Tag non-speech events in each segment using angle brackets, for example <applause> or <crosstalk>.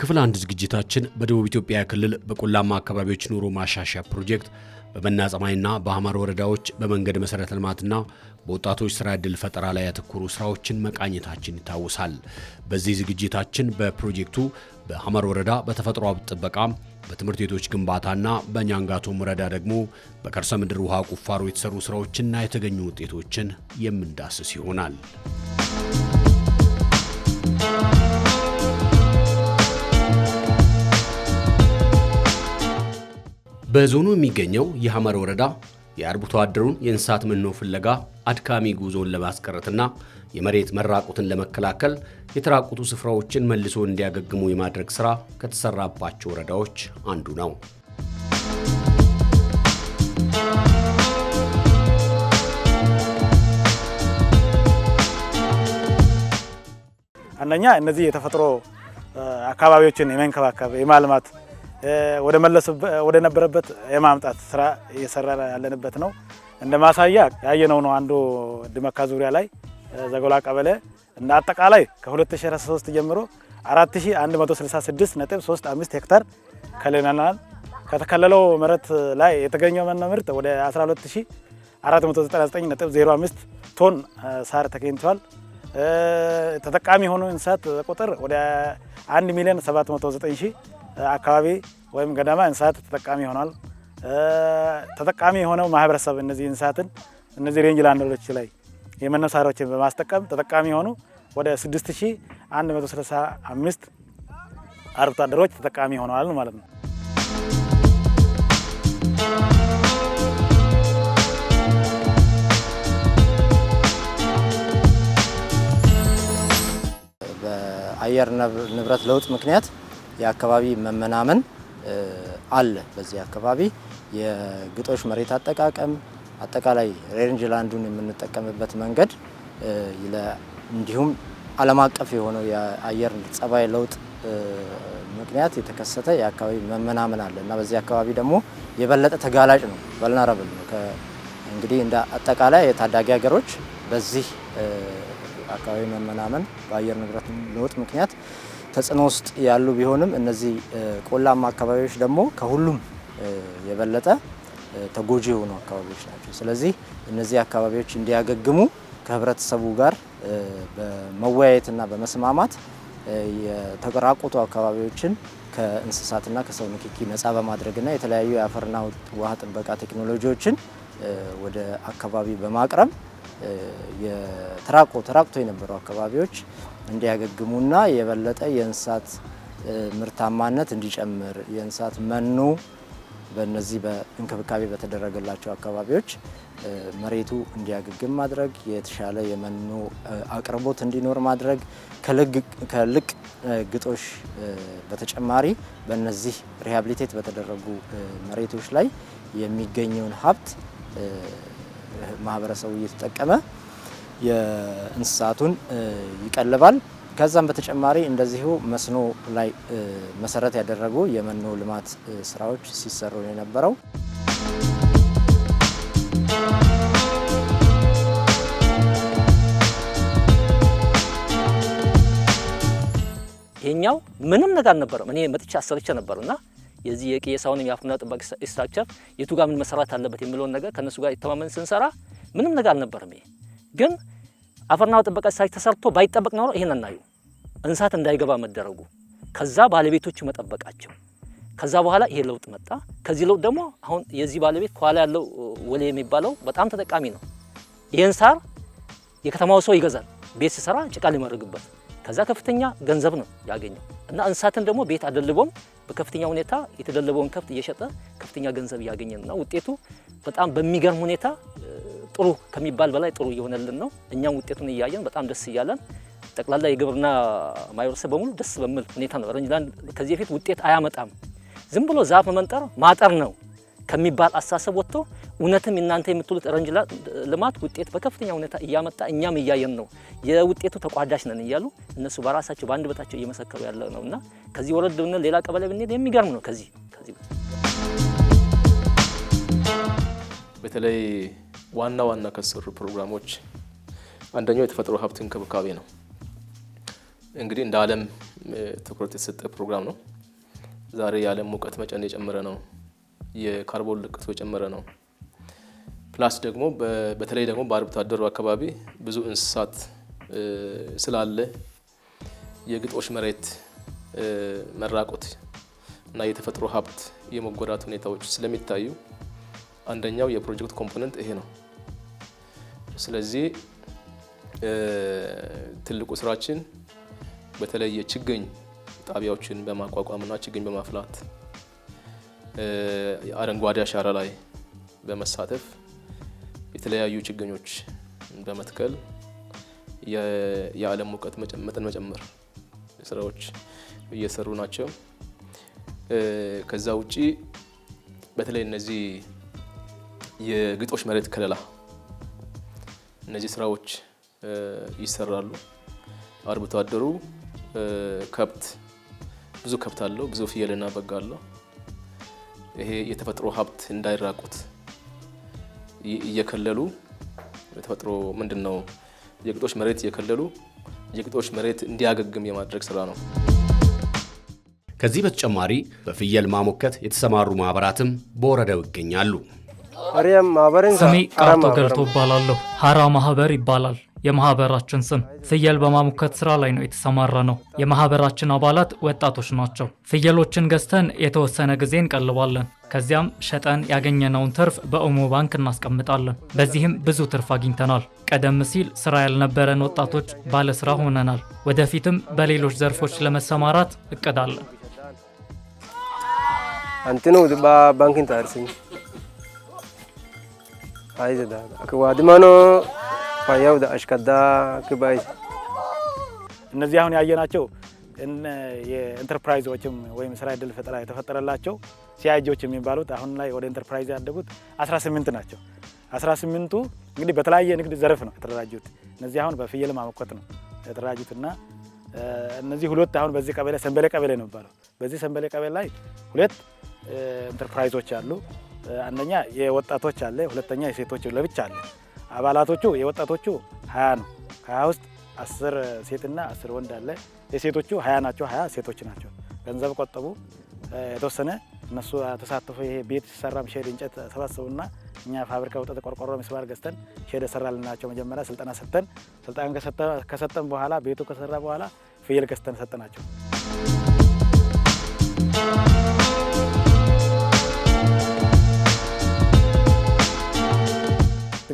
በክፍል አንድ ዝግጅታችን በደቡብ ኢትዮጵያ ክልል በቆላማ አካባቢዎች ኑሮ ማሻሻያ ፕሮጀክት በመና ጸማይና በአማር ወረዳዎች በመንገድ መሰረተ ልማትና በወጣቶች ስራ ዕድል ፈጠራ ላይ ያተኮሩ ስራዎችን መቃኘታችን ይታወሳል። በዚህ ዝግጅታችን በፕሮጀክቱ በአማር ወረዳ በተፈጥሮ ሀብት ጥበቃ፣ በትምህርት ቤቶች ግንባታና በኛንጋቶም ወረዳ ደግሞ በከርሰ ምድር ውሃ ቁፋሮ የተሰሩ ስራዎችና የተገኙ ውጤቶችን የምንዳስስ ይሆናል። በዞኑ የሚገኘው የሐመር ወረዳ የአርብቶ አደሩን የእንስሳት መኖ ፍለጋ አድካሚ ጉዞን ለማስቀረትና የመሬት መራቆትን ለመከላከል የተራቆቱ ስፍራዎችን መልሶ እንዲያገግሙ የማድረግ ሥራ ከተሰራባቸው ወረዳዎች አንዱ ነው። አንደኛ እነዚህ የተፈጥሮ አካባቢዎችን የመንከባከብ የማልማት ወደ ወደ ነበረበት የማምጣት ስራ እየሰራ ያለንበት ነው። እንደ ማሳያ ያየነው ነው አንዱ ድመካ ዙሪያ ላይ ዘጎላ ቀበሌ እንደ አጠቃላይ ከ2013 ጀምሮ 4166.35 ሄክታር ከልለናል። ከተከለለው መሬት ላይ የተገኘው መኖ ምርት ወደ 12499.05 ቶን ሳር ተገኝቷል። ተጠቃሚ የሆኑ እንስሳት ቁጥር ወደ 1 ሚሊዮን 709 አካባቢ ወይም ገዳማ እንስሳት ተጠቃሚ ይሆናል። ተጠቃሚ የሆነው ማህበረሰብ እነዚህ እንስሳትን እነዚህ ሬንጅ ላንዶች ላይ የመኖ በማስጠቀም ተጠቃሚ የሆኑ ወደ 6135 አርብቶ አደሮች ተጠቃሚ ሆነዋል ማለት ነው። በአየር ንብረት ለውጥ ምክንያት የአካባቢ መመናመን አለ። በዚህ አካባቢ የግጦሽ መሬት አጠቃቀም አጠቃላይ ሬንጅ ላንዱን የምንጠቀምበት መንገድ እንዲሁም ዓለም አቀፍ የሆነው የአየር ጸባይ ለውጥ ምክንያት የተከሰተ የአካባቢ መመናመን አለ እና በዚህ አካባቢ ደግሞ የበለጠ ተጋላጭ ነው፣ ቨልናረብል ነው። እንግዲህ እንደ አጠቃላይ የታዳጊ ሀገሮች በዚህ አካባቢ መመናመን በአየር ንብረት ለውጥ ምክንያት ተጽዕኖ ውስጥ ያሉ ቢሆንም እነዚህ ቆላማ አካባቢዎች ደግሞ ከሁሉም የበለጠ ተጎጂ የሆኑ አካባቢዎች ናቸው። ስለዚህ እነዚህ አካባቢዎች እንዲያገግሙ ከህብረተሰቡ ጋር በመወያየትና በመስማማት የተራቆቱ አካባቢዎችን ከእንስሳትና ከሰው ንክኪ ነፃ በማድረግና የተለያዩ የአፈርና ውሃ ጥበቃ ቴክኖሎጂዎችን ወደ አካባቢ በማቅረብ ተራቆ ተራቅቶ የነበሩ አካባቢዎች እንዲያገግሙና የበለጠ የእንስሳት ምርታማነት እንዲጨምር የእንስሳት መኖ በእነዚህ በእንክብካቤ በተደረገላቸው አካባቢዎች መሬቱ እንዲያገግም ማድረግ፣ የተሻለ የመኖ አቅርቦት እንዲኖር ማድረግ፣ ከልቅ ግጦሽ በተጨማሪ በእነዚህ ሪሃብሊቴት በተደረጉ መሬቶች ላይ የሚገኘውን ሀብት ማህበረሰቡ እየተጠቀመ የእንስሳቱን ይቀልባል። ከዛም በተጨማሪ እንደዚሁ መስኖ ላይ መሰረት ያደረጉ የመኖ ልማት ስራዎች ሲሰሩ ነው የነበረው። ይሄኛው ምንም ነገር አልነበረም። እኔ መጥቼ አሰርቼ ነበር እና የዚህ የቅዬ ሳሁን የአፍና ጥበቃ ስትራክቸር የቱ ጋር ምን መሰራት አለበት የሚለውን ነገር ከእነሱ ጋር የተማመን ስንሰራ ምንም ነገር አልነበረም ይሄ ግን አፈርና ውሃ ጥበቃ ተሰርቶ ባይጠበቅ ኖሮ ይሄን እናዩ እንስሳት እንዳይገባ መደረጉ ከዛ ባለቤቶቹ መጠበቃቸው ከዛ በኋላ ይሄ ለውጥ መጣ። ከዚህ ለውጥ ደግሞ አሁን የዚህ ባለቤት ከኋላ ያለው ወሌ የሚባለው በጣም ተጠቃሚ ነው። ይህን ሳር የከተማው ሰው ይገዛል። ቤት ሲሰራ ጭቃ ሊመርግበት ከዛ ከፍተኛ ገንዘብ ነው ያገኘው እና እንስሳትን ደግሞ ቤት አደልቦም በከፍተኛ ሁኔታ የተደለበውን ከብት እየሸጠ ከፍተኛ ገንዘብ እያገኘ እና ውጤቱ በጣም በሚገርም ሁኔታ ጥሩ ከሚባል በላይ ጥሩ እየሆነልን ነው። እኛም ውጤቱን እያየን በጣም ደስ እያለን ጠቅላላ የግብርና ማህበረሰብ በሙሉ ደስ በሚል ሁኔታ ነው። ረንጅላን ከዚህ በፊት ውጤት አያመጣም፣ ዝም ብሎ ዛፍ መመንጠር ማጠር ነው ከሚባል አስተሳሰብ ወጥቶ እውነትም እናንተ የምትሉት ረንጅላ ልማት ውጤት በከፍተኛ ሁኔታ እያመጣ እኛም እያየን ነው። የውጤቱ ተቋዳሽ ነን እያሉ እነሱ በራሳቸው በአንድ በታቸው እየመሰከሩ ያለ ነው እና ከዚህ ወረድ ብንል ሌላ ቀበሌ ብንሄድ የሚገርም ነው። ከዚህ በተለይ ዋና ዋና ከተሰሩ ፕሮግራሞች አንደኛው የተፈጥሮ ሀብት እንክብካቤ ነው። እንግዲህ እንደ ዓለም ትኩረት የተሰጠ ፕሮግራም ነው። ዛሬ የዓለም ሙቀት መጨን የጨመረ ነው። የካርቦን ልቀቱ የጨመረ ነው። ፕላስ ደግሞ በተለይ ደግሞ በአርብቶ አደሩ አካባቢ ብዙ እንስሳት ስላለ የግጦሽ መሬት መራቆት እና የተፈጥሮ ሀብት የመጎዳት ሁኔታዎች ስለሚታዩ አንደኛው የፕሮጀክት ኮምፖነንት ይሄ ነው። ስለዚህ ትልቁ ስራችን በተለይ የችግኝ ጣቢያዎችን በማቋቋምና ችግኝ በማፍላት የአረንጓዴ አሻራ ላይ በመሳተፍ የተለያዩ ችግኞች በመትከል የዓለም ሙቀት መጠን መጨመር ስራዎች እየሰሩ ናቸው። ከዛ ውጪ በተለይ እነዚህ የግጦሽ መሬት ከለላ፣ እነዚህ ስራዎች ይሰራሉ። አርብቶ አደሩ ከብት ብዙ ከብት አለው፣ ብዙ ፍየልና በግ አለው። ይሄ የተፈጥሮ ሀብት እንዳይራቁት እየከለሉ የተፈጥሮ ምንድን ነው የግጦሽ መሬት እየከለሉ የግጦሽ መሬት እንዲያገግም የማድረግ ስራ ነው። ከዚህ በተጨማሪ በፍየል ማሞከት የተሰማሩ ማህበራትም በወረዳው ይገኛሉ። ስሜ ቃርጦ ገልቶ እባላለሁ። ሀራ ማህበር ይባላል የማህበራችን ስም። ፍየል በማሙከት ስራ ላይ ነው የተሰማራ ነው። የማህበራችን አባላት ወጣቶች ናቸው። ፍየሎችን ገዝተን የተወሰነ ጊዜ እንቀልባለን። ከዚያም ሸጠን ያገኘነውን ትርፍ በኦሞ ባንክ እናስቀምጣለን። በዚህም ብዙ ትርፍ አግኝተናል። ቀደም ሲል ስራ ያልነበረን ወጣቶች ባለስራ ሆነናል። ወደፊትም በሌሎች ዘርፎች ለመሰማራት እቅዳለን። አንቲኑ ባንክ Ayza da. ከዋድመኖ ፋያው ዳ አሽከዳ እነዚህ አሁን ያየናቸው የኢንተርፕራይዞችም ወይም ስራ እድል ፈጠራ የተፈጠረላቸው ሲአይጂዎች የሚባሉት አሁን ላይ ወደ ኢንተርፕራይዝ ያደጉት 18 ናቸው። 18ቱ እንግዲህ በተለያየ ንግድ ዘርፍ ነው የተደራጁት። እነዚህ አሁን በፍየል ማመኮት ነው የተደራጁትና እነዚህ ሁለት አሁን በዚህ ቀበሌ ሰንበሌ ቀበሌ ነው የሚባለው። በዚህ ሰንበሌ ቀበሌ ላይ ሁለት ኢንተርፕራይዞች አሉ። አንደኛ የወጣቶች አለ፣ ሁለተኛ የሴቶች ለብቻ አለ። አባላቶቹ የወጣቶቹ ሀያ ነው። ከሀያ ውስጥ አስር ሴትና አስር ወንድ አለ። የሴቶቹ ሀያ ናቸው፣ ሀያ ሴቶች ናቸው። ገንዘብ ቆጠቡ፣ የተወሰነ እነሱ ተሳትፎ ይሄ ቤት ሲሰራም ሼድ እንጨት ሰባሰቡና እኛ ፋብሪካ ውጠት ቆርቆሮ ምስባር ገዝተን ሼድ ሰራልናቸው። መጀመሪያ ስልጠና ሰጥተን ስልጠና ከሰጠን በኋላ ቤቱ ከሰራ በኋላ ፍየል ገዝተን ሰጠናቸው።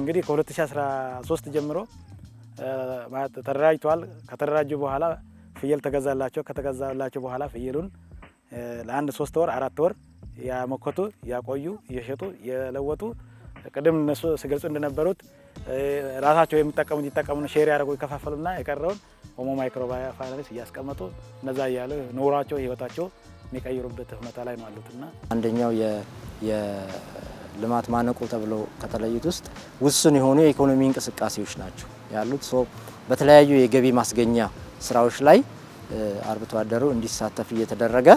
እንግዲህ ከ2013 ጀምሮ ተደራጅተዋል። ከተደራጁ በኋላ ፍየል ተገዛላቸው። ከተገዛላቸው በኋላ ፍየሉን ለአንድ ሶስት ወር አራት ወር ያመኮቱ ያቆዩ እየሸጡ የለወጡ ቅድም እነሱ ሲገልጹ እንደነበሩት ራሳቸው የሚጠቀሙት ይጠቀሙ ሼር ያደረጉ ይከፋፈሉና የቀረውን ኦሞ ማይክሮ እያስቀመጡ እነዛ እያለ ኑሯቸው ህይወታቸው የሚቀይሩበት ሁኔታ ላይ ነው አሉትና አንደኛው ልማት ማነቆ ተብለው ከተለዩት ውስጥ ውስን የሆኑ የኢኮኖሚ እንቅስቃሴዎች ናቸው ያሉት። በተለያዩ የገቢ ማስገኛ ስራዎች ላይ አርብቶ አደሩ እንዲሳተፍ እየተደረገ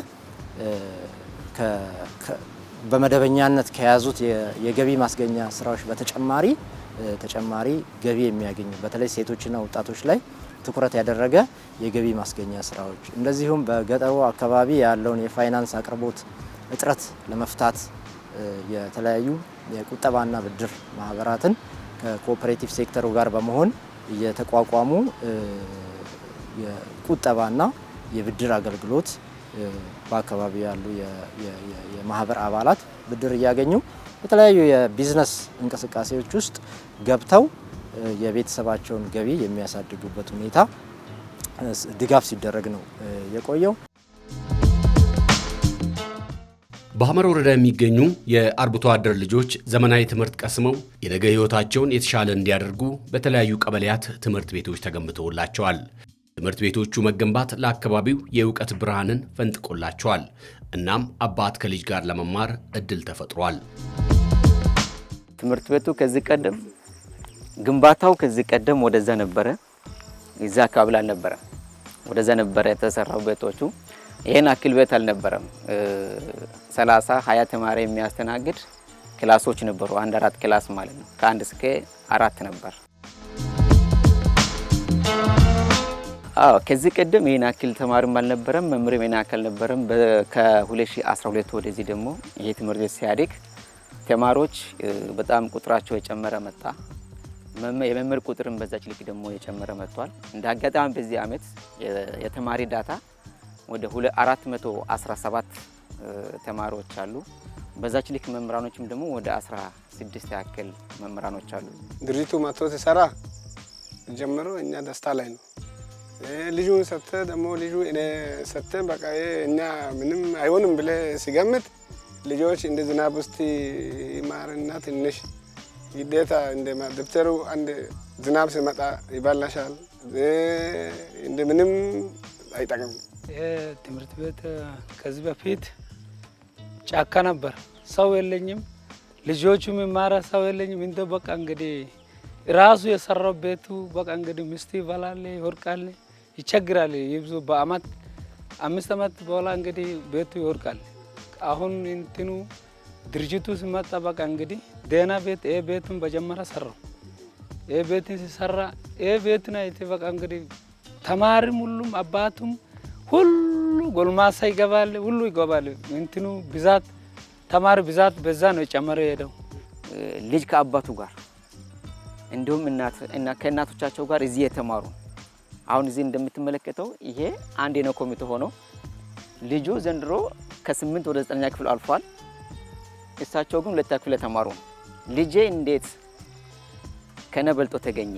በመደበኛነት ከያዙት የገቢ ማስገኛ ስራዎች በተጨማሪ ተጨማሪ ገቢ የሚያገኙ በተለይ ሴቶችና ወጣቶች ላይ ትኩረት ያደረገ የገቢ ማስገኛ ስራዎች እንደዚሁም በገጠሩ አካባቢ ያለውን የፋይናንስ አቅርቦት እጥረት ለመፍታት የተለያዩ የቁጠባና ብድር ማህበራትን ከኮኦፐሬቲቭ ሴክተሩ ጋር በመሆን እየተቋቋሙ የቁጠባና የብድር አገልግሎት በአካባቢ ያሉ የማህበር አባላት ብድር እያገኙ በተለያዩ የቢዝነስ እንቅስቃሴዎች ውስጥ ገብተው የቤተሰባቸውን ገቢ የሚያሳድጉበት ሁኔታ ድጋፍ ሲደረግ ነው የቆየው። በሐመር ወረዳ የሚገኙ የአርብቶ አደር ልጆች ዘመናዊ ትምህርት ቀስመው የነገ ሕይወታቸውን የተሻለ እንዲያደርጉ በተለያዩ ቀበሌያት ትምህርት ቤቶች ተገንብተውላቸዋል። ትምህርት ቤቶቹ መገንባት ለአካባቢው የእውቀት ብርሃንን ፈንጥቆላቸዋል። እናም አባት ከልጅ ጋር ለመማር እድል ተፈጥሯል። ትምህርት ቤቱ ከዚህ ቀደም ግንባታው ከዚህ ቀደም ወደዛ ነበረ፣ እዛ አካባቢ አልነበረ፣ ወደዛ ነበረ የተሰራው ቤቶቹ። ይህን አክል ቤት አልነበረም። ሰላሳ ሀያ ተማሪ የሚያስተናግድ ክላሶች ነበሩ። አንድ አራት ክላስ ማለት ነው። ከአንድ እስከ አራት ነበር። አዎ ከዚህ ቀደም ይህን አክል ተማሪም አልነበረም፣ መምህርም ይህን አክል አልነበረም። ከ2012 ወደዚህ ደግሞ ይሄ ትምህርት ቤት ሲያድግ ተማሪዎች በጣም ቁጥራቸው የጨመረ መጣ። የመምህር ቁጥርም በዛች ልክ ደግሞ የጨመረ መጥቷል። እንደ አጋጣሚ በዚህ ዓመት የተማሪ ዳታ ወደ 417 ተማሪዎች አሉ። በዛች ልክ መምህራኖችም ደግሞ ወደ 16 ያክል መምህራኖች አሉ። ድርጅቱ መጥቶ ሲሰራ ጀምሮ እኛ ደስታ ላይ ነው። ልጁን ሰጥተ ደግሞ ልጁ እኔ ሰጥተ በቃ እኛ ምንም አይሆንም ብለ ሲገምት ልጆች እንደ ዝናብ ውስጥ ይማርና ትንሽ ግዴታ እንደ ደብተሩ አንድ ዝናብ ሲመጣ ይባላሻል። እንደ ምንም አይጠቅም። ትምህርት ቤት ከዚህ በፊት ጫካ ነበር። ሰው የለኝም፣ ልጆቹ የሚማራ ሰው የለኝም። እንደ በቃ እንግዲህ ራሱ የሰራው ቤቱ በቃ እንግዲህ ምስት ይበላል፣ ይወርቃል፣ ይቸግራል። ይብዙ በአመት አምስት አመት በኋላ እንግዲህ ቤቱ ይወርቃል። አሁን እንትኑ ድርጅቱ ሲመጣ በቃ እንግዲህ ደህና ቤት ይሄ ቤቱን በጀመረ ሰራው። ይሄ ቤትን ሲሰራ ይሄ ቤትን አይቴ በቃ እንግዲህ ተማሪም ሁሉም አባቱም ሁሉ ጎልማሳ ይገባል፣ ሁሉ ይገባል። እንትኑ ብዛት ተማሪ ብዛት በዛ ነው የጨመረ የሄደው። ልጅ ከአባቱ ጋር እንዲሁም ከእናቶቻቸው ጋር እዚህ የተማሩ አሁን እዚህ እንደምትመለከተው ይሄ አንድ ነው ኮሚቴ ሆኖ ልጁ ዘንድሮ ከስምንት ወደ ዘጠነኛ ክፍል አልፏል። እሳቸው ግን ሁለተኛ ክፍል የተማሩ ልጄ እንዴት ከነበልጦ ተገኘ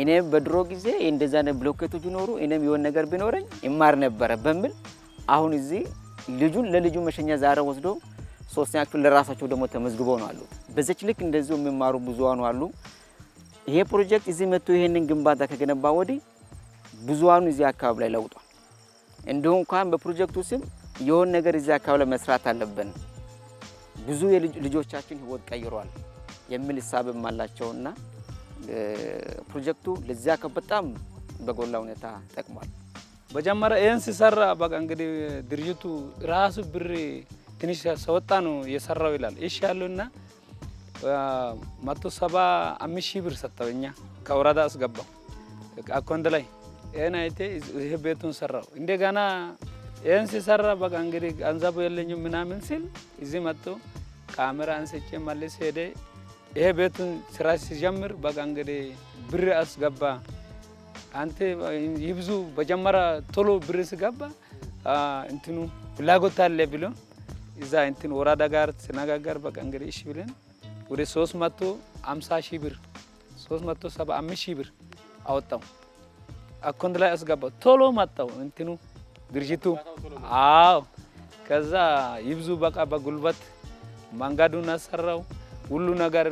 እኔም በድሮ ጊዜ እንደዛ ብሎኬቶች ይኖሩ እኔም የሆን ነገር ቢኖረኝ ይማር ነበረ በሚል አሁን እዚህ ልጁን ለልጁ መሸኛ ዛሬ ወስዶ ሶስተኛ ክፍል ለራሳቸው ደግሞ ተመዝግበው ነው አሉ። በዚች ልክ እንደዚሁ የሚማሩ ብዙሃኑ አሉ። ይሄ ፕሮጀክት እዚህ መጥቶ ይሄንን ግንባታ ከገነባ ወዲህ ብዙሃኑ እዚህ አካባቢ ላይ ለውጧል። እንዲሁ እንኳን በፕሮጀክቱ ስም የሆነ ነገር እዚህ አካባቢ ላይ መስራት አለብን፣ ብዙ የልጆቻችን ህይወት ቀይሯል የሚል አላቸውና ፕሮጀክቱ ለዚያ በጣም በጎላ ሁኔታ ጠቅሟል። መጀመሪያ ይህን ሲሰራ በቃ እንግዲህ ድርጅቱ ራሱ ብር ትንሽ ሰወጣ ነው የሰራው ይላል እሺ ያሉና መቶ ሰባ አምስት ሺህ ብር ሰጠው። እኛ ከወረዳ አስገባው አኮንድ ላይ ይህን አይቴ ይህ ቤቱን ሰራው። እንደገና ይህን ሲሰራ በቃ እንግዲህ ገንዘቡ የለኝም ምናምን ሲል እዚህ መጥቶ ካሜራ አንስቼ መልስ ሄደ። ይሄ ቤት ስራ ሲጀምር በቃ እንግዲህ ብር አስገባ አንተ ይብዙ መጀመሪያ ቶሎ ብር ስገባ እንትኑ ፍላጎት አለ ብሎ እዛ እንትን ወራዳ ጋር ስነጋገር በቃ እንግዲህ እሺ ብለን ወደ 350 ሺህ ብር 375 ሺህ ብር አወጣው። አካውንት ላይ አስገባው። ቶሎ መጣው እንትኑ ድርጅቱ። አዎ ከዛ ይብዙ በቃ በጉልበት መንገዱን አሰራው። ሁሉ ነገር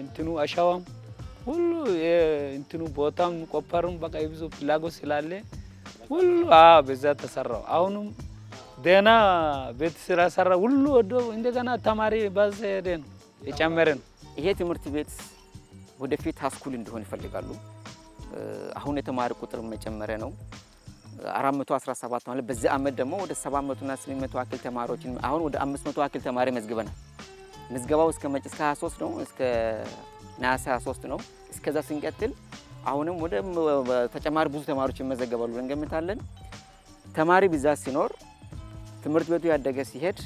እንትኑ አሻዋም ሁሉ እንትኑ ቦታም ቆፈሩም በቃ የብዙ ፍላጎት ስላለ ሁሉ በዛ ተሰራው። አሁኑም ደህና ቤት ስራ ሰራ ሁሉ ወዶ እንደገና ተማሪ ባዘ ሄደ ነው የጨመረ ነው። ይሄ ትምህርት ቤት ወደፊት ሀስኩል እንዲሆን ይፈልጋሉ። አሁን የተማሪ ቁጥር መጨመረ ነው 417 ማለት በዚህ አመት ደግሞ ወደ 700 እና 800 አክል ተማሪዎችን አሁን ወደ 500 አክል ተማሪ መዝግበናል። ምዝገባው እስከ መጪ እስከ 23 ነው፣ እስከ ነሐሴ 23 ነው። እስከዛ ስንቀጥል አሁንም ወደ ተጨማሪ ብዙ ተማሪዎች ይመዘገባሉ እንገምታለን። ተማሪ ብዛት ሲኖር ትምህርት ቤቱ ያደገ ሲሄድ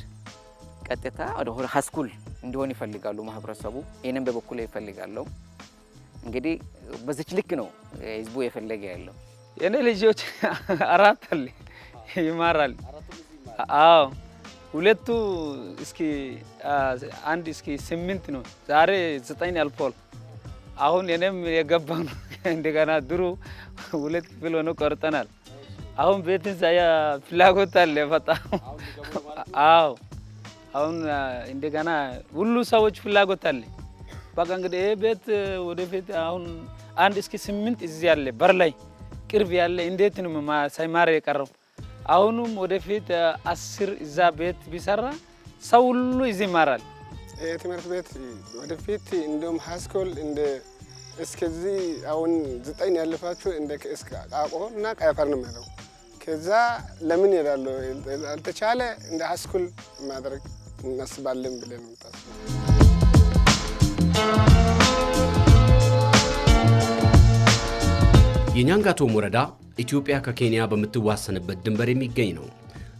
ቀጥታ ወደ ሀስኩል እንዲሆን ይፈልጋሉ ማህበረሰቡ። ይህንም በበኩል ይፈልጋለሁ። እንግዲህ በዚች ልክ ነው ህዝቡ የፈለገ ያለው። የእኔ ልጆች <laughs> አራት አለ ይማራል። አዎ ሁለቱ እስኪ አንድ እስኪ ስምንት ነው። ዛሬ ዘጠኝ አልፏል። አሁን እኔም የገባ ነው። <laughs> እንደገና ድሩ ሁለት ክፍል ሆኖ ቆርጠናል። አሁን ቤት ዛያ ፍላጎት አለ ፈጣ አዎ፣ አሁን እንደገና ሁሉ ሰዎች ፍላጎት አለ። በቃ እንግዲህ ይህ ቤት ወደፊት አሁን አንድ እስኪ ስምንት እዚህ ያለ በር ላይ ቅርብ ያለ እንዴት ነው ሳይማር የቀረው አሁኑም ወደፊት አስር እዛ ቤት ቢሰራ ሰው ሁሉ እዚህ ይማራል። ትምህርት ቤት ወደፊት እንደውም ሃይስኩል እንደ እስከዚህ አሁን ዘጠኝ ያለፋችሁ እንደ ቃቆ እና ቀያፈር ነው የሚለው። ከዛ ለምን ይላሉ አልተቻለ እንደ ሃይስኩል ማድረግ እናስባለን ብለን ምጣስ የኛንጋቶም ወረዳ ኢትዮጵያ ከኬንያ በምትዋሰንበት ድንበር የሚገኝ ነው።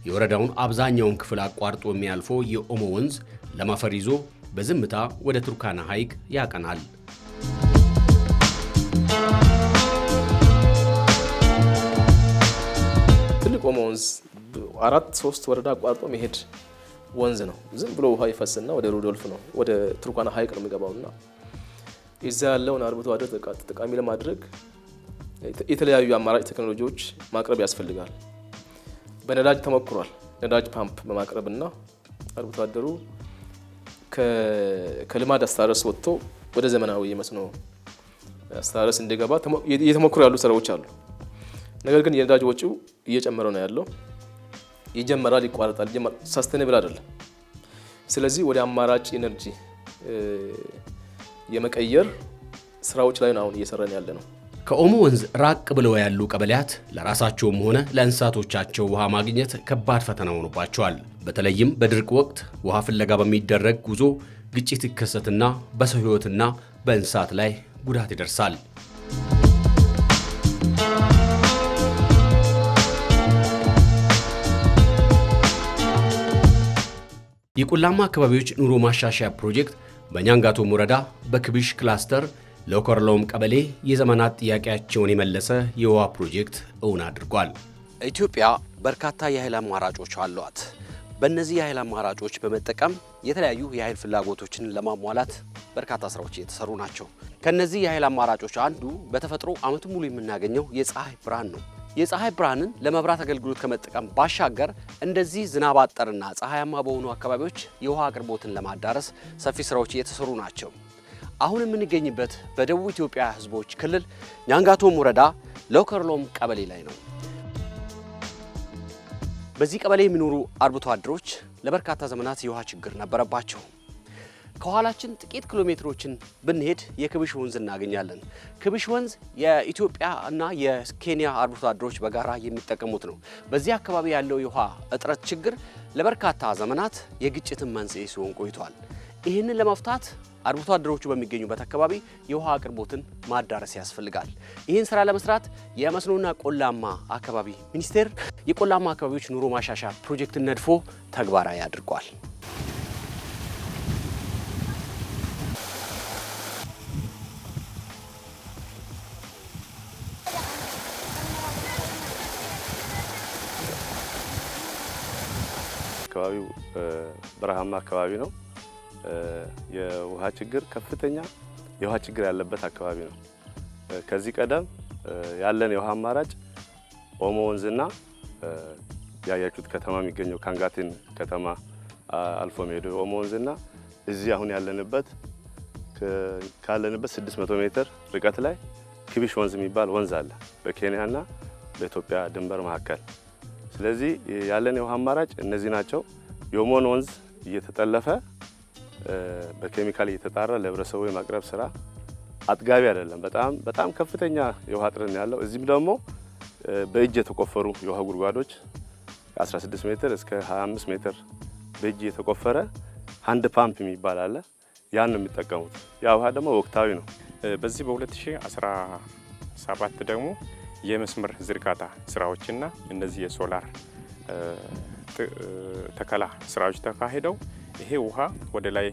የወረዳውን አብዛኛውን ክፍል አቋርጦ የሚያልፈው የኦሞ ወንዝ ለማፈር ይዞ በዝምታ ወደ ቱርካና ሐይቅ ያቀናል። ትልቅ ኦሞ ወንዝ አራት ሶስት ወረዳ አቋርጦ መሄድ ወንዝ ነው። ዝም ብሎ ውሃ ይፈስና ወደ ሩዶልፍ ነው ወደ ቱርካና ሐይቅ ነው የሚገባውና እዛ ያለውን አርብቶ አደር ጠቃሚ ለማድረግ የተለያዩ አማራጭ ቴክኖሎጂዎች ማቅረብ ያስፈልጋል። በነዳጅ ተሞክሯል። ነዳጅ ፓምፕ በማቅረብና አርብቶ አደሩ ከልማድ አስተራረስ ወጥቶ ወደ ዘመናዊ የመስኖ አስተራረስ እንዲገባ እየተሞክሩ ያሉ ስራዎች አሉ። ነገር ግን የነዳጅ ወጪው እየጨመረ ነው ያለው። ይጀመራል፣ ይቋረጣል። ሳስቴኔብል አይደለም። ስለዚህ ወደ አማራጭ ኤነርጂ የመቀየር ስራዎች ላይ አሁን እየሰራን ያለ ነው። ከኦሞ ወንዝ ራቅ ብለው ያሉ ቀበሌያት ለራሳቸውም ሆነ ለእንስሳቶቻቸው ውሃ ማግኘት ከባድ ፈተና ሆኖባቸዋል። በተለይም በድርቅ ወቅት ውሃ ፍለጋ በሚደረግ ጉዞ ግጭት ይከሰትና በሰው ሕይወትና በእንስሳት ላይ ጉዳት ይደርሳል። የቆላማ አካባቢዎች ኑሮ ማሻሻያ ፕሮጀክት በኛንጋቶም ወረዳ በክቢሽ ክላስተር ለኮርሎም ቀበሌ የዘመናት ጥያቄያቸውን የመለሰ የውሃ ፕሮጀክት እውን አድርጓል። ኢትዮጵያ በርካታ የኃይል አማራጮች አሏት። በእነዚህ የኃይል አማራጮች በመጠቀም የተለያዩ የኃይል ፍላጎቶችን ለማሟላት በርካታ ስራዎች እየተሰሩ ናቸው። ከነዚህ የኃይል አማራጮች አንዱ በተፈጥሮ ዓመቱን ሙሉ የምናገኘው የፀሐይ ብርሃን ነው። የፀሐይ ብርሃንን ለመብራት አገልግሎት ከመጠቀም ባሻገር እንደዚህ ዝናብ አጠርና ፀሐያማ በሆኑ አካባቢዎች የውሃ አቅርቦትን ለማዳረስ ሰፊ ስራዎች እየተሰሩ ናቸው። አሁን የምንገኝበት በደቡብ ኢትዮጵያ ህዝቦች ክልል ኛንጋቶም ወረዳ ሎከርሎም ቀበሌ ላይ ነው። በዚህ ቀበሌ የሚኖሩ አርብቶ አደሮች ለበርካታ ዘመናት የውሃ ችግር ነበረባቸው። ከኋላችን ጥቂት ኪሎ ሜትሮችን ብንሄድ የክብሽ ወንዝ እናገኛለን። ክብሽ ወንዝ የኢትዮጵያ እና የኬንያ አርብቶ አደሮች በጋራ የሚጠቀሙት ነው። በዚህ አካባቢ ያለው የውሃ እጥረት ችግር ለበርካታ ዘመናት የግጭትን መንስኤ ሲሆን ቆይቷል። ይህንን ለመፍታት አርብቶ አደሮቹ በሚገኙበት አካባቢ የውሃ አቅርቦትን ማዳረስ ያስፈልጋል። ይህን ስራ ለመስራት የመስኖና ቆላማ አካባቢ ሚኒስቴር የቆላማ አካባቢዎች ኑሮ ማሻሻያ ፕሮጀክትን ነድፎ ተግባራዊ አድርጓል። አካባቢው በረሃማ አካባቢ ነው። የውሃ ችግር ከፍተኛ የውሃ ችግር ያለበት አካባቢ ነው። ከዚህ ቀደም ያለን የውሃ አማራጭ ኦሞ ወንዝና ያያችሁት ከተማ የሚገኘው ካንጋቴን ከተማ አልፎ መሄዱ ኦሞ ወንዝና እዚህ አሁን ያለንበት ካለንበት 600 ሜትር ርቀት ላይ ክቢሽ ወንዝ የሚባል ወንዝ አለ በኬንያና በኢትዮጵያ ድንበር መካከል። ስለዚህ ያለን የውሃ አማራጭ እነዚህ ናቸው። የኦሞን ወንዝ እየተጠለፈ በኬሚካል እየተጣራ ለህብረተሰቡ የማቅረብ ስራ አጥጋቢ አይደለም። በጣም በጣም ከፍተኛ የውሃ ጥረት ነው ያለው። እዚህም ደግሞ በእጅ የተቆፈሩ የውሃ ጉድጓዶች 16 ሜትር እስከ 25 ሜትር በእጅ የተቆፈረ አንድ ፓምፕ የሚባል አለ። ያን ነው የሚጠቀሙት። ያ ውሃ ደግሞ ወቅታዊ ነው። በዚህ በ2017 ደግሞ የመስመር ዝርጋታ ስራዎችና እነዚህ የሶላር ተከላ ስራዎች ተካሂደው ይሄ ውሃ ወደ ላይ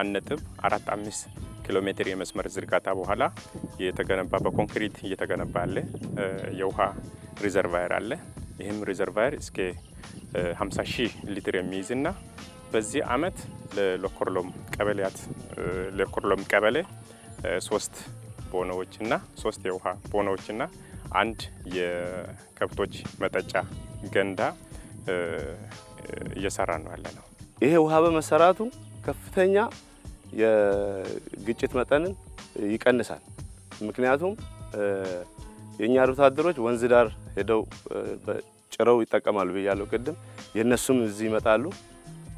አንድ ነጥብ አራት አምስት ኪሎ ሜትር የመስመር ዝርጋታ በኋላ የተገነባ በኮንክሪት እየተገነባ ያለ የውሃ ሪዘርቫየር አለ። ይህም ሪዘርቫየር እስከ 50 ሺህ ሊትር የሚይዝና በዚህ አመት ለኮርሎም ቀበሌያት ለኮርሎም ቀበሌ ሶስት እና ሶስት የውሃ ቦኖዎችና አንድ የከብቶች መጠጫ ገንዳ እየሰራ ነው ያለ ነው። ይሄ ውሃ በመሰራቱ ከፍተኛ የግጭት መጠንን ይቀንሳል። ምክንያቱም የእኛ አርብቶ አደሮች ወንዝ ዳር ሄደው ጭረው ይጠቀማሉ ብያለሁ ቅድም። የእነሱም እዚህ ይመጣሉ።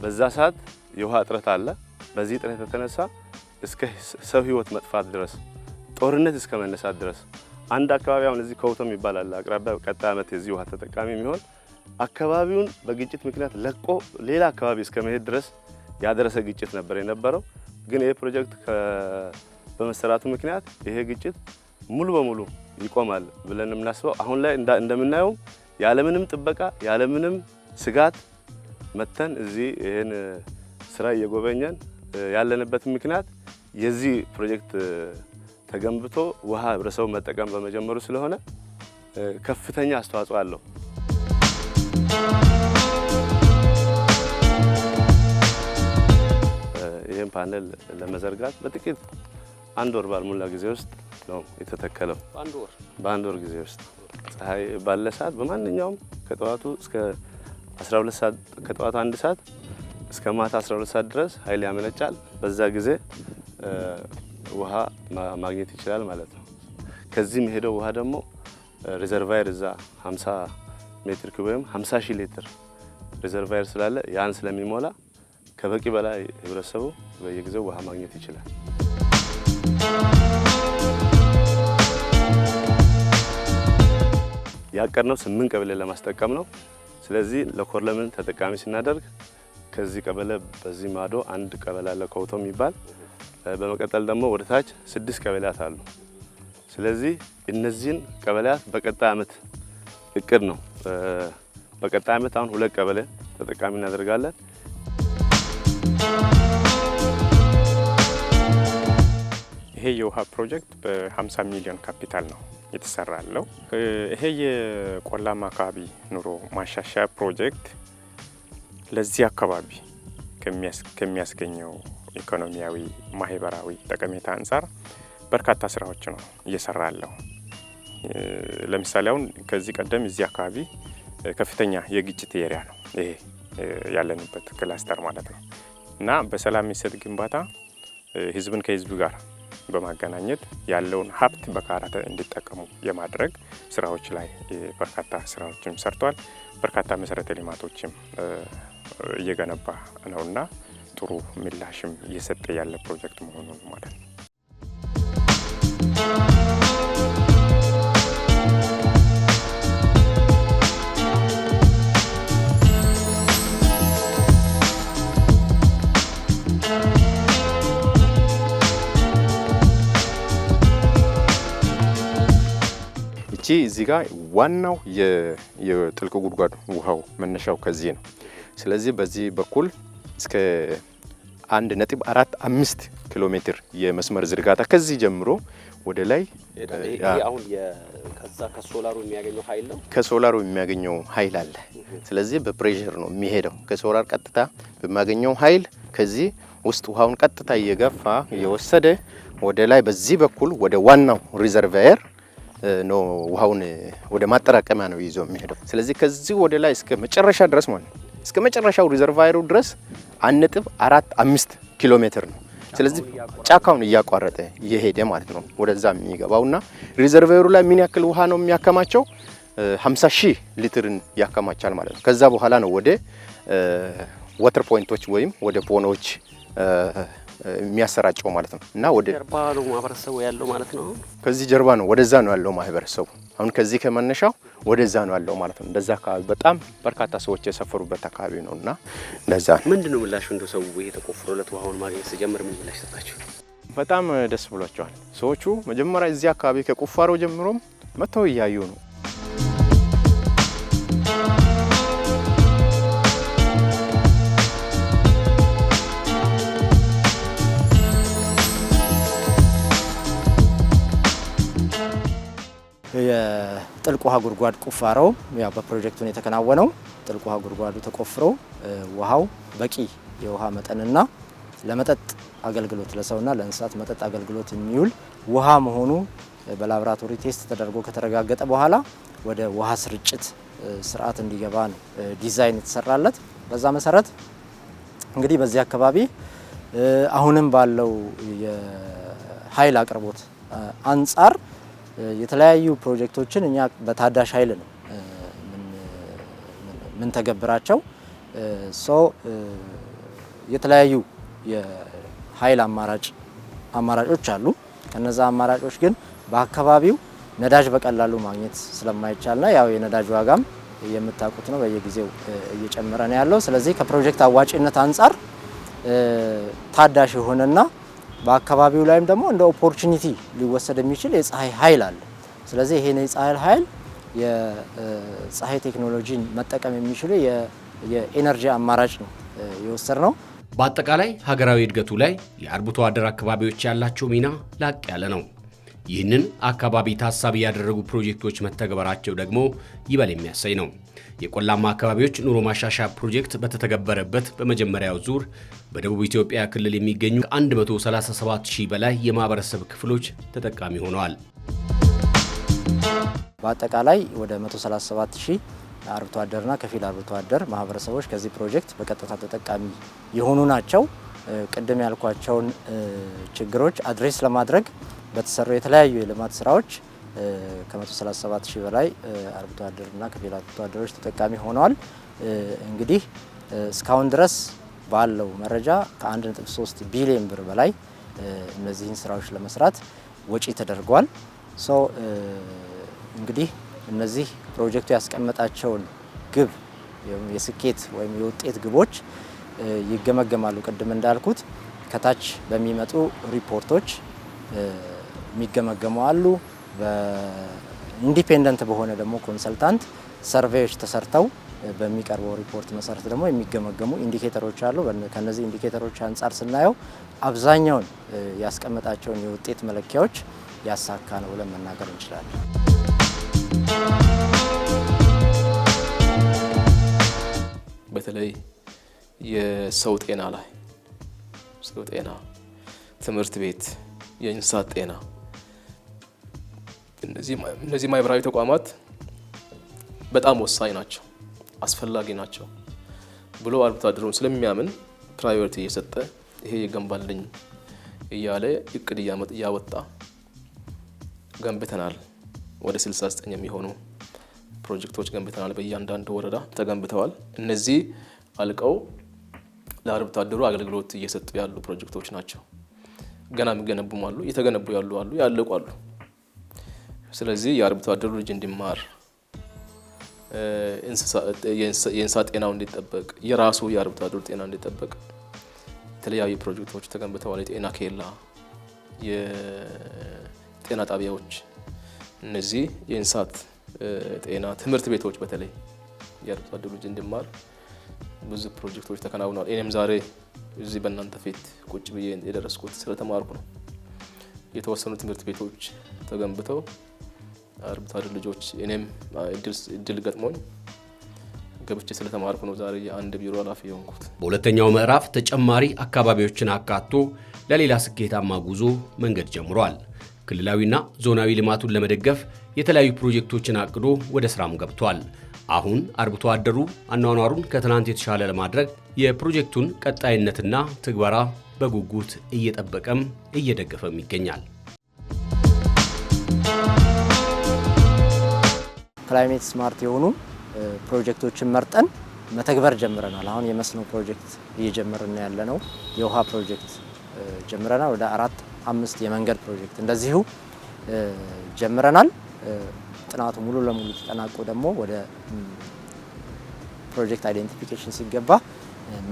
በዛ ሰዓት የውሃ እጥረት አለ። በዚህ እጥረት የተነሳ እስከ ሰው ህይወት መጥፋት ድረስ ጦርነት እስከ መነሳት ድረስ አንድ አካባቢ አሁን እዚህ ከውቶ ይባላል አቅራቢያ ቀጣይ ዓመት የዚህ ውሃ ተጠቃሚ የሚሆን አካባቢውን በግጭት ምክንያት ለቆ ሌላ አካባቢ እስከ መሄድ ድረስ ያደረሰ ግጭት ነበር የነበረው። ግን ይሄ ፕሮጀክት በመሰራቱ ምክንያት ይሄ ግጭት ሙሉ በሙሉ ይቆማል ብለን የምናስበው አሁን ላይ እንደምናየው ያለምንም ጥበቃ ያለምንም ስጋት መተን እዚህ ይህን ስራ እየጎበኘን ያለንበት ምክንያት የዚህ ፕሮጀክት ተገንብቶ ውሃ ህብረተሰቡ መጠቀም በመጀመሩ ስለሆነ ከፍተኛ አስተዋጽኦ አለው። ይህን ፓነል ለመዘርጋት በጥቂት አንድ ወር ባልሞላ ጊዜ ውስጥ ነው የተተከለው። በአንድ ወር ጊዜ ውስጥ ፀሐይ ባለ ሰዓት በማንኛውም ከጠዋቱ እስከ 12 ሰዓት ከጠዋቱ አንድ ሰዓት እስከ ማታ 12 ሰዓት ድረስ ኃይል ያመነጫል። በዛ ጊዜ ውሃ ማግኘት ይችላል ማለት ነው። ከዚህ የሄደው ውሃ ደግሞ ሪዘርቫየር እዛ 50 ሜትር ኪዩብ ወይም 50 ሺህ ሊትር ሪዘርቫየር ስላለ ያን ስለሚሞላ ከበቂ በላይ ህብረተሰቡ በየጊዜው ውሃ ማግኘት ይችላል። ያቀድነው ስምንት ቀበሌ ለማስጠቀም ነው። ስለዚህ ለኮርለምን ተጠቃሚ ስናደርግ ከዚህ ቀበሌ በዚህ ማዶ አንድ ቀበሌ አለ ከውቶ የሚባል በመቀጠል ደግሞ ወደ ታች ስድስት ቀበሌያት አሉ። ስለዚህ እነዚህን ቀበሌያት በቀጣይ አመት? እቅድ ነው። በቀጣይ ዓመት አሁን ሁለት ቀበሌ ተጠቃሚ እናደርጋለን። ይሄ የውሃ ፕሮጀክት በ50 ሚሊዮን ካፒታል ነው የተሰራ ያለው። ይሄ የቆላማ አካባቢ ኑሮ ማሻሻያ ፕሮጀክት ለዚህ አካባቢ ከሚያስገኘው ኢኮኖሚያዊ፣ ማህበራዊ ጠቀሜታ አንጻር በርካታ ስራዎች ነው እየሰራ ያለው። ለምሳሌ አሁን ከዚህ ቀደም እዚህ አካባቢ ከፍተኛ የግጭት ኤሪያ ነው ይሄ ያለንበት ክላስተር ማለት ነው እና በሰላም የሚሰጥ ግንባታ ህዝብን ከህዝብ ጋር በማገናኘት ያለውን ሀብት በካራተ እንዲጠቀሙ የማድረግ ስራዎች ላይ በርካታ ስራዎችም ሰርቷል። በርካታ መሰረተ ልማቶችም እየገነባ እና ጥሩ ምላሽም እየሰጠ ያለ ፕሮጀክት መሆኑን ማለት ነው። ይቺ እዚህ ጋር ዋናው የጥልቅ ጉድጓድ ውሃው መነሻው ከዚህ ነው። ስለዚህ በዚህ በኩል እስከ አንድ ነጥብ አራት አምስት ኪሎ ሜትር የመስመር ዝርጋታ ከዚህ ጀምሮ ወደ ላይ ከሶላሩ የሚያገኘው ኃይል አለ። ስለዚህ በፕሬሽር ነው የሚሄደው። ከሶላር ቀጥታ በማገኘው ኃይል ከዚህ ውስጥ ውሃውን ቀጥታ እየገፋ እየወሰደ ወደ ላይ በዚህ በኩል ወደ ዋናው ሪዘርቫየር ነው ውሃውን ወደ ማጠራቀሚያ ነው ይዞ የሚሄደው። ስለዚህ ከዚህ ወደ ላይ እስከ መጨረሻ ድረስ ማለት እስከ መጨረሻው ሪዘርቫየሩ ድረስ አንድ ነጥብ አራት አምስት ኪሎ ሜትር ነው። ስለዚህ ጫካውን እያቋረጠ እየሄደ ማለት ነው ወደዛ የሚገባው እና ሪዘርቫየሩ ላይ ምን ያክል ውሃ ነው የሚያከማቸው? 50 ሺህ ሊትርን ያከማቻል ማለት ነው። ከዛ በኋላ ነው ወደ ወተር ፖይንቶች ወይም ወደ ቦኖች። የሚያሰራጨው ማለት ነው እና ወደ ጀርባ ነው ማህበረሰቡ ያለው ማለት ነው። ከዚህ ጀርባ ነው ወደዛ ነው ያለው ማህበረሰቡ። አሁን ከዚህ ከመነሻው ወደዛ ነው ያለው ማለት ነው። እንደዛ አካባቢ በጣም በርካታ ሰዎች የሰፈሩበት አካባቢ ነው እና እንደዛ ነው። ምንድን ነው ምላሹ? እንደው ሰው ይሄ ተቆፍሮለት ውሃውን ማግኘት ሲጀምር ምን ምላሽ ሰጣችሁ? በጣም ደስ ብሏቸዋል ሰዎቹ። መጀመሪያ እዚህ አካባቢ ከቁፋሮ ጀምሮም መጥተው እያዩ ነው የጥልቅ ውሃ ጉድጓድ ቁፋሮው ያው በፕሮጀክቱ ነው የተከናወነው። ጥልቅ ውሃ ጉድጓዱ ተቆፍሮ ውሃው በቂ የውሃ መጠንና ለመጠጥ አገልግሎት ለሰውና ለእንስሳት መጠጥ አገልግሎት የሚውል ውሃ መሆኑ በላብራቶሪ ቴስት ተደርጎ ከተረጋገጠ በኋላ ወደ ውሃ ስርጭት ስርዓት እንዲገባ ነው ዲዛይን የተሰራለት። በዛ መሰረት እንግዲህ በዚህ አካባቢ አሁንም ባለው የኃይል አቅርቦት አንጻር የተለያዩ ፕሮጀክቶችን እኛ በታዳሽ ኃይል ነው ምን ተገብራቸው ሶ የተለያዩ የኃይል አማራጭ አማራጮች አሉ። ከነዛ አማራጮች ግን በአካባቢው ነዳጅ በቀላሉ ማግኘት ስለማይቻልና ያው የነዳጅ ዋጋም የምታውቁት ነው በየጊዜው እየጨመረ ነው ያለው። ስለዚህ ከፕሮጀክት አዋጭነት አንጻር ታዳሽ የሆነና በአካባቢው ላይም ደግሞ እንደ ኦፖርቹኒቲ ሊወሰድ የሚችል የፀሐይ ኃይል አለ። ስለዚህ ይሄን የፀሐይ ኃይል የፀሐይ ቴክኖሎጂን መጠቀም የሚችሉ የኤነርጂ አማራጭ ነው የወሰድ ነው። በአጠቃላይ ሀገራዊ እድገቱ ላይ የአርብቶ አደር አካባቢዎች ያላቸው ሚና ላቅ ያለ ነው። ይህንን አካባቢ ታሳቢ ያደረጉ ፕሮጀክቶች መተግበራቸው ደግሞ ይበል የሚያሰኝ ነው። የቆላማ አካባቢዎች ኑሮ ማሻሻያ ፕሮጀክት በተተገበረበት በመጀመሪያው ዙር በደቡብ ኢትዮጵያ ክልል የሚገኙ ከ137 ሺህ በላይ የማህበረሰብ ክፍሎች ተጠቃሚ ሆነዋል። በአጠቃላይ ወደ 137 ሺህ አርብቶ አደርና ከፊል አርብቶ አደር ማህበረሰቦች ከዚህ ፕሮጀክት በቀጥታ ተጠቃሚ የሆኑ ናቸው። ቅድም ያልኳቸውን ችግሮች አድሬስ ለማድረግ በተሰሩ የተለያዩ የልማት ስራዎች ከ137 ሺህ በላይ አርብቶ አደርና ከፊል አርብቶ አደሮች ተጠቃሚ ሆነዋል። እንግዲህ እስካሁን ድረስ ባለው መረጃ ከ1.3 ቢሊዮን ብር በላይ እነዚህን ስራዎች ለመስራት ወጪ ተደርጓል። ሶ እንግዲህ እነዚህ ፕሮጀክቱ ያስቀመጣቸውን ግብ የስኬት ወይም የውጤት ግቦች ይገመገማሉ። ቅድም እንዳልኩት ከታች በሚመጡ ሪፖርቶች የሚገመገሙ አሉ። ኢንዲፔንደንት በሆነ ደግሞ ኮንሰልታንት ሰርቬዎች ተሰርተው በሚቀርበው ሪፖርት መሰረት ደግሞ የሚገመገሙ ኢንዲኬተሮች አሉ። ከነዚህ ኢንዲኬተሮች አንጻር ስናየው አብዛኛውን ያስቀመጣቸውን የውጤት መለኪያዎች ያሳካ ነው ብለን መናገር እንችላለን። በተለይ የሰው ጤና ላይ ሰው ጤና፣ ትምህርት ቤት፣ የእንስሳት ጤና እነዚህ ማህበራዊ ተቋማት በጣም ወሳኝ ናቸው፣ አስፈላጊ ናቸው ብሎ አርብቶ አደሩን ስለሚያምን ፕራዮሪቲ እየሰጠ ይሄ ይገንባልኝ እያለ እቅድ እያወጣ ገንብተናል። ወደ 69 የሚሆኑ ፕሮጀክቶች ገንብተናል። በእያንዳንዱ ወረዳ ተገንብተዋል። እነዚህ አልቀው ለአርብቶ አደሩ አገልግሎት እየሰጡ ያሉ ፕሮጀክቶች ናቸው። ገና የሚገነቡም አሉ፣ እየተገነቡ ያሉ አሉ፣ ያለቁ አሉ። ስለዚህ የአርብቶ አደሩ ልጅ እንዲማር የእንስሳ ጤናው እንዲጠበቅ የራሱ የአርብቶ አደሩ ጤና እንዲጠበቅ የተለያዩ ፕሮጀክቶች ተገንብተዋል። የጤና ኬላ፣ የጤና ጣቢያዎች፣ እነዚህ የእንስሳት ጤና ትምህርት ቤቶች በተለይ የአርብቶ አደሩ ልጅ እንዲማር ብዙ ፕሮጀክቶች ተከናውነዋል። እኔም ዛሬ እዚህ በእናንተ ፊት ቁጭ ብዬ የደረስኩት ስለተማርኩ ነው። የተወሰኑ ትምህርት ቤቶች ተገንብተው አርብቶ አደር ልጆች እኔም እድል ገጥሞኝ ገብቼ ስለተማርኩ ነው ዛሬ የአንድ ቢሮ ኃላፊ የሆንኩት። በሁለተኛው ምዕራፍ ተጨማሪ አካባቢዎችን አካቶ ለሌላ ስኬታማ ጉዞ መንገድ ጀምሯል። ክልላዊና ዞናዊ ልማቱን ለመደገፍ የተለያዩ ፕሮጀክቶችን አቅዶ ወደ ስራም ገብቷል። አሁን አርብቶ አደሩ አኗኗሩን ከትናንት የተሻለ ለማድረግ የፕሮጀክቱን ቀጣይነትና ትግበራ በጉጉት እየጠበቀም እየደገፈም ይገኛል። ክላይሜት ስማርት የሆኑ ፕሮጀክቶችን መርጠን መተግበር ጀምረናል። አሁን የመስኖ ፕሮጀክት እየጀመርን ያለ ነው። የውሃ ፕሮጀክት ጀምረናል። ወደ አራት አምስት የመንገድ ፕሮጀክት እንደዚሁ ጀምረናል። ጥናቱ ሙሉ ለሙሉ ተጠናቆ ደግሞ ወደ ፕሮጀክት አይደንቲፊኬሽን ሲገባ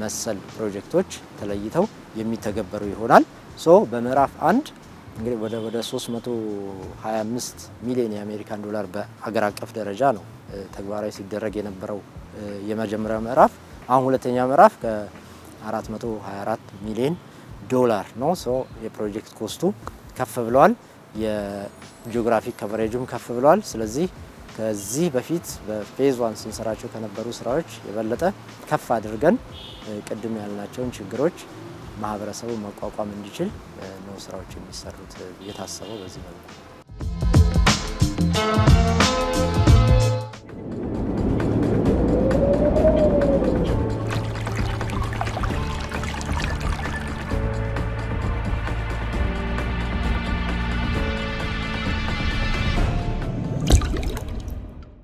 መሰል ፕሮጀክቶች ተለይተው የሚተገበሩ ይሆናል። ሶ በምዕራፍ አንድ እንግዲህ ወደ ወደ 325 ሚሊዮን የአሜሪካን ዶላር በሀገር አቀፍ ደረጃ ነው ተግባራዊ ሲደረግ የነበረው የመጀመሪያው ምዕራፍ። አሁን ሁለተኛ ምዕራፍ ከ424 ሚሊዮን ዶላር ነው። ሶ የፕሮጀክት ኮስቱ ከፍ ብለዋል፣ የጂኦግራፊክ ከቨሬጁም ከፍ ብለዋል። ስለዚህ ከዚህ በፊት በፌዝ ዋን ስንሰራቸው ከነበሩ ስራዎች የበለጠ ከፍ አድርገን ቅድም ያልናቸውን ችግሮች ማህበረሰቡ መቋቋም እንዲችል ነው ስራዎች የሚሰሩት የታሰበው በዚህ መልኩ